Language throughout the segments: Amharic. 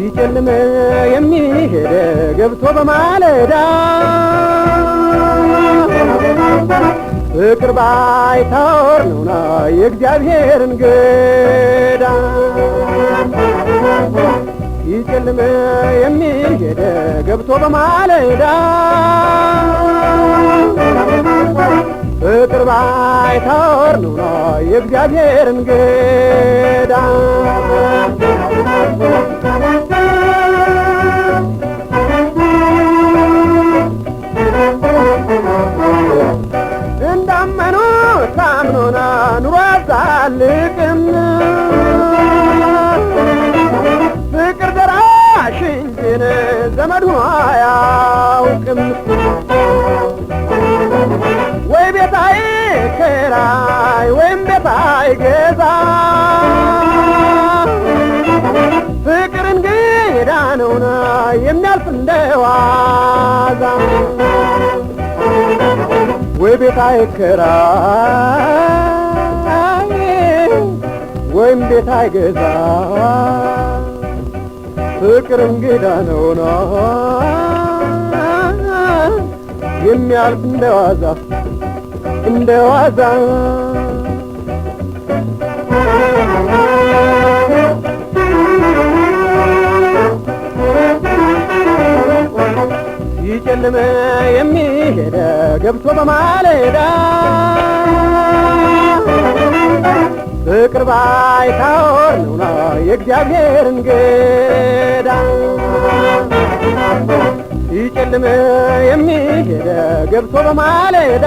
ይጨልመ የሚሄደ ገብቶ በማለዳ ፍቅር ባይታወር ነውና የእግዚአብሔርን እንግዳ ይጨልም የሚሄደ ገብቶ በማለዳ ፍቅር ባይታወር ንብሎ የእግዚአብሔር እንግዳ እንዳመኑ ታምኖና ኑሮ አዛልቅም ቤታይ ከራይ ወይም ቤታይ ገዛ ፍቅር እንግዳ ነውና የሚያልፍ እንደዋዛ ወይ ቤታይ ከራይ ወይም ቤታይ ገዛ ፍቅር እንግዳ ነውና የሚያልፍ እንደዋዛ እንደ ዋዛ ሲጨልም የሚሄደ ገብቶ በማለዳ ፍቅር ባይታወር ነውና የእግዚአብሔርን ገዳ ሲጨልም የሚሄደ ገብቶ በማለዳ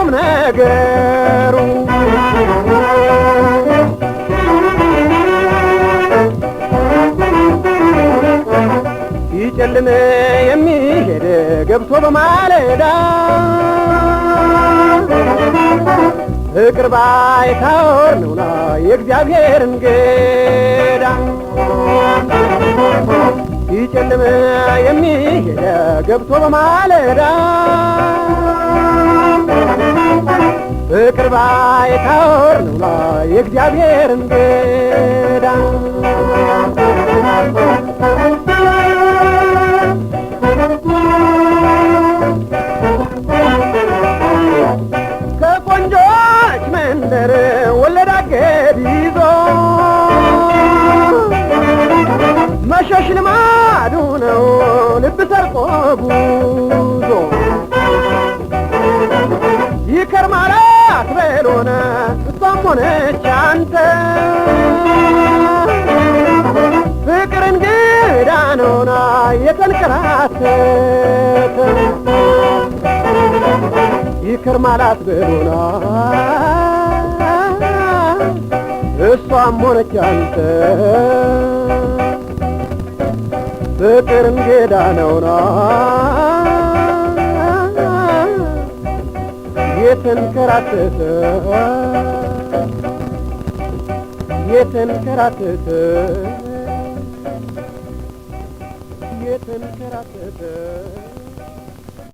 ቁም ነገሩ ይጨልም የሚሄድ ገብቶ በማለዳ ፍቅር ባይታወር ነውና የእግዚአብሔር እንግዳ ይጨልም የሚሄድ ገብቶ በማለዳ ፍቅር ባይታወር ንብሎ የእግዚአብሔር እንግዳ ከቆንጆች መንደር ወለዳ ገድ ይዞ መሸሽ ልማዱ ነው ልብ ሰርቆ ጉዞ ይከርማል ሆነች አንተ ፍቅር እንግዳ ነውና የተንከራተተ ይክር ማላት ብሎና እሷም ሆነች አንተ ፍቅር እንግዳ ነውና የተንከራተተ የተንከራተተ የተንከራተተ